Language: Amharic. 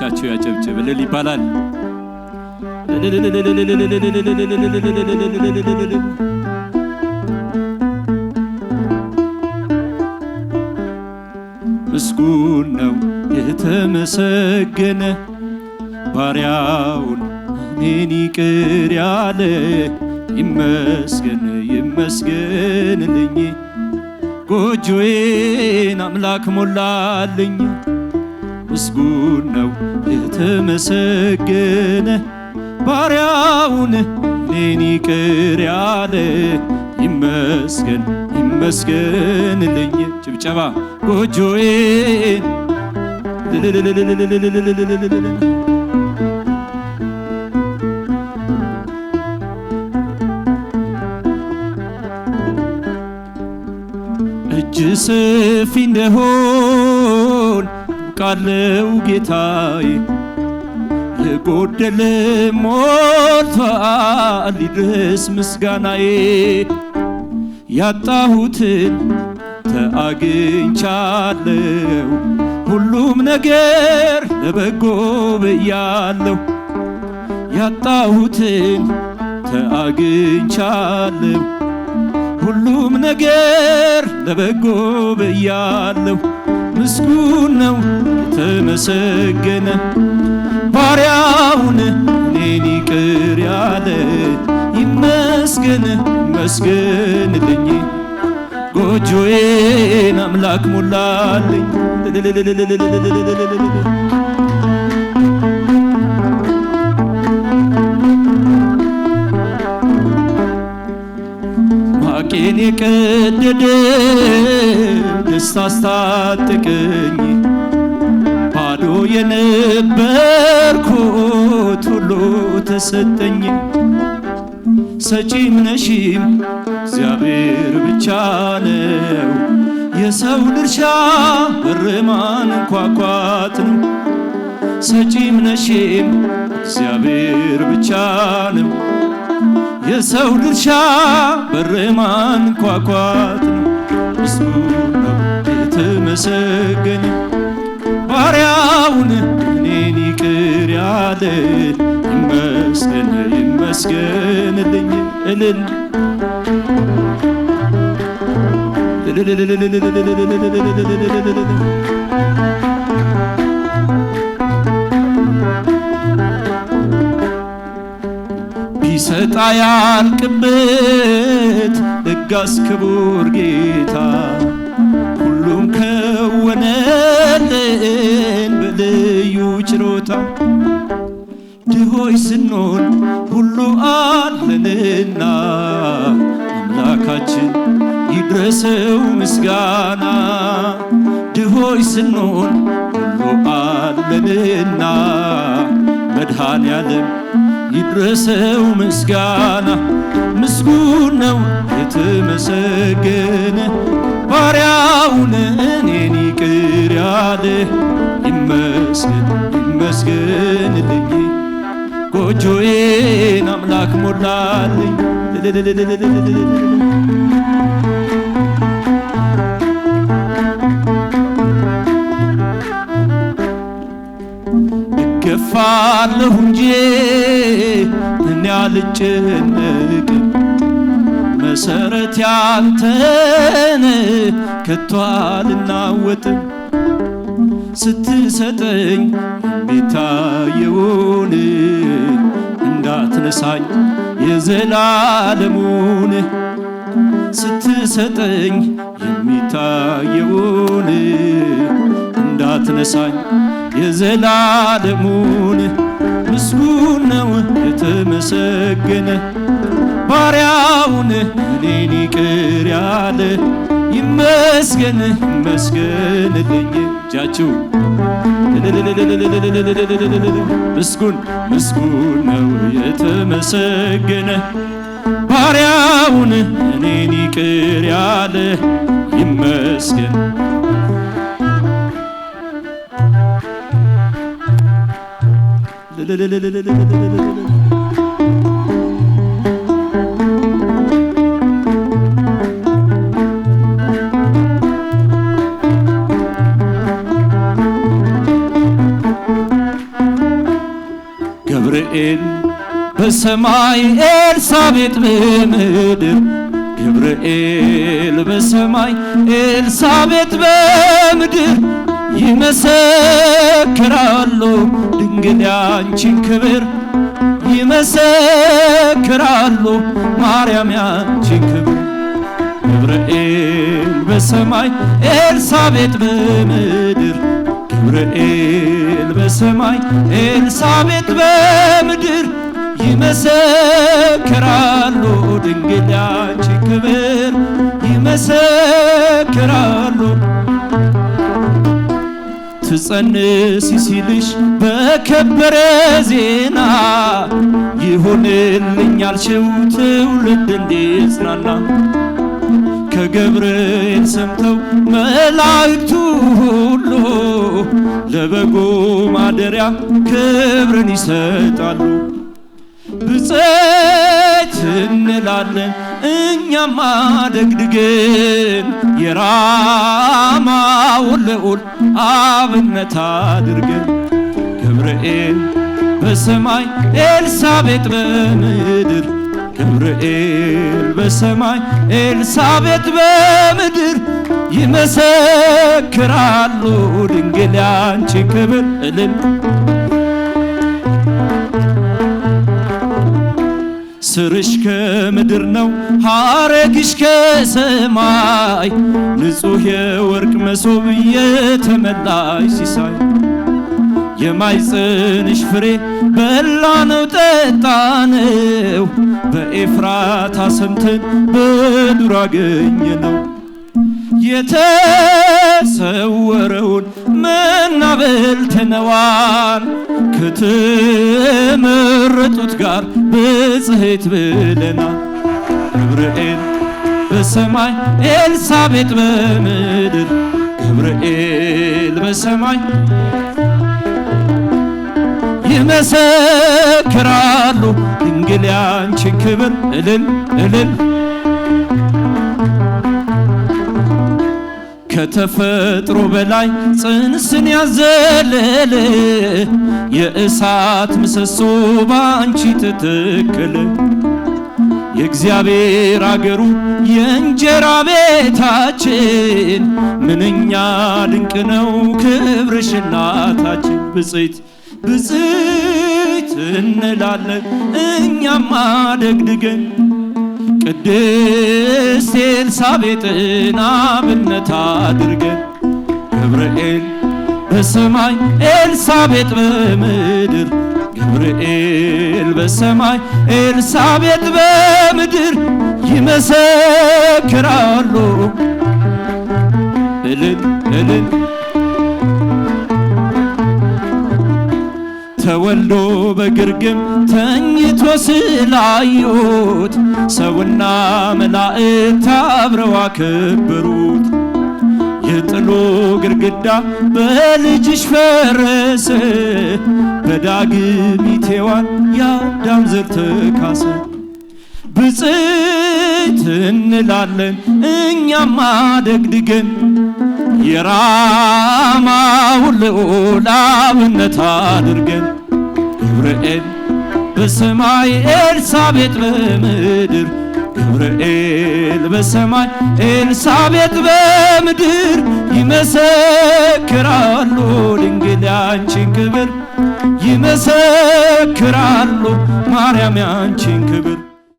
ለጌታቸው ያጨብጭብ። እልል ይባላል። ምስጉን ነው የተመሰገነ ባሪያውን እኔን ይቅር ያለ ይመስገን ይመስገንልኝ ጎጆዬን አምላክ ሞላልኝ። ምስጉን ነው የተመሰገነ ባሪያውን እኔን ይቅር ያለ ይመስገን ይመስገንልኝ። ጭብጨባ ጎጆዬን እጅ ሰፊ እንደሆነ አውቃለው ጌታዬ የጎደለ ሞልቷል ሊድረስ ምስጋናዬ ያጣሁትን ተአግኝቻለው ሁሉም ነገር ለበጎ ብያለው ያጣሁትን ተአግኝቻለው ሁሉም ነገር ለበጎ ብያለው ምስጉን ነው የተመሰገነ ባሪያውን እኔን ይቅር ያለ ይመስገን ይመስገንልኝ ጎጆዬን አምላክ ሞላልኝ ቄን የቀደደ ደስታ አስታጠቀኝ ባዶ የነበርኩት ሁሉ ተሰጠኝ። ሰጪም ነሺም እግዚአብሔር ብቻ ነው። የሰው ድርሻ በርማን እንኳኳት ነው። ሰጪም ነሺም እግዚአብሔር ብቻ ነው። የሰው ድርሻ በር ማንኳኳት ነው። እሱ ነው የተመሰገነ ባሪያውን እኔን ይቅር ያለ ይመስገን ይመስገንልኝ እልል ሲሰጣ ያልቅበት ደጋስ ክቡር ጌታ ሁሉም ከወነልን በልዩ ችሮታ ድሆይ ስንሆን ሁሉ አለንና አምላካችን ይድረሰው ምስጋና ድሆይ ስንሆን ሁሉ አለንና መድኃኔ ዓለም ይድረሰው ምስጋና ምስጉን ነው የተመሰገነ ባሪያውን እኔን ይቅር ያለ ይመስገን ይመስገንልኝ ጎጆዬን አምላክ ሞላልኝ እገፋለሁ እንጂ አልጨነቅም መሰረት ያንተን ከቶ አልናወጥም ስትሰጠኝ የሚታየውን እንዳትነሳኝ የዘላለሙን ስትሰጠኝ የሚታየውን እንዳትነሳኝ የዘላለሙን ምስጉን ነው የተመሰገነ ባሪያውን እኔን ይቅር ያለ ይመስገን ይመስገንልኝ እጃችሁ ምስጉን ምስጉን ነው የተመሰገነ ባሪያውን እኔን ይቅር ያለ ይመስገን ገብርኤል በሰማይ ኤልሳቤጥ በምድር ገብርኤል በሰማይ ኤልሳቤጥ በምድር ይመሰክራሉ ድንግል ያንቺን ክብር ይመሰክራሉ ማርያም ያንቺን ክብር ገብርኤል በሰማይ ኤልሳቤጥ በምድር ገብርኤል በሰማይ ኤልሳቤጥ በምድር ይመሰክራሉ ድንግል ያንቺን ክብር ይመሰ ትጸንስ ሲልሽ በከበረ ዜና ይሆንልኛል ችው ትውልድ እንዲጽናና ከገብርኤል ሰምተው መላእክቱ ሁሉ ለበጎ ማደሪያ ክብርን ይሰጣሉ ብፅዕት እንላለን እኛማ ደግድገን የራማውን ልዑል አብነት አድርገን ገብርኤል በሰማይ ኤልሳቤጥ በምድር ገብርኤል በሰማይ ኤልሳቤጥ በምድር ይመሰክራሉ ድንግል ያንቺ ክብር እልል ስርሽ ከምድር ነው ሐረግሽ ከሰማይ ንጹሕ የወርቅ መሶብ የተመላሽ ሲሳይ የማይጽንሽ ፍሬ በላነው ጠጣነው በኤፍራታ ሰምተን በዱር አገኘነው የተሰወረውን መናበል ትነዋል ከተመረጡት ጋር ብጽሕት ብለናል። ገብርኤል በሰማይ ኤልሳቤጥ በምድር ገብርኤል በሰማይ ይመሰክራሉ ድንግል ያንቺን ክብር እልል እልል ከተፈጥሮ በላይ ጽንስን ያዘለለ የእሳት ምሰሶ ባንቺ ተተከለ። የእግዚአብሔር አገሩ የእንጀራ ቤታችን ምንኛ ድንቅ ነው ክብርሽ እናታችን። ብጽት እንላለን እኛማ ደግድገን ቅድስት ኤልሳቤጥን አብነት አድርገን ገብርኤል በሰማይ ኤልሳቤጥ በምድር ገብርኤል በሰማይ ኤልሳቤጥ በምድር ይመሰክራሉ እልል እልል ተወልዶ በግርግም ተኝቶ ስላዩት ሰውና መላእክት አብረው አከበሩት። የጥሎ ግርግዳ በልጅሽ ፈረሰ፣ በዳግሚት ሔዋን የአዳም ዘር ተካሰ። ብፅዕት እንላለን እኛም አደግድገን የራማውን ልዑል አብነት አድርገን ገብርኤል በሰማይ ኤልሳቤጥ በምድር ገብርኤል በሰማይ ኤልሳቤጥ በምድር ይመሰክራሉ ድንግል ያንቺን ክብር ይመሰክራሉ ማርያም ያንቺን ክብር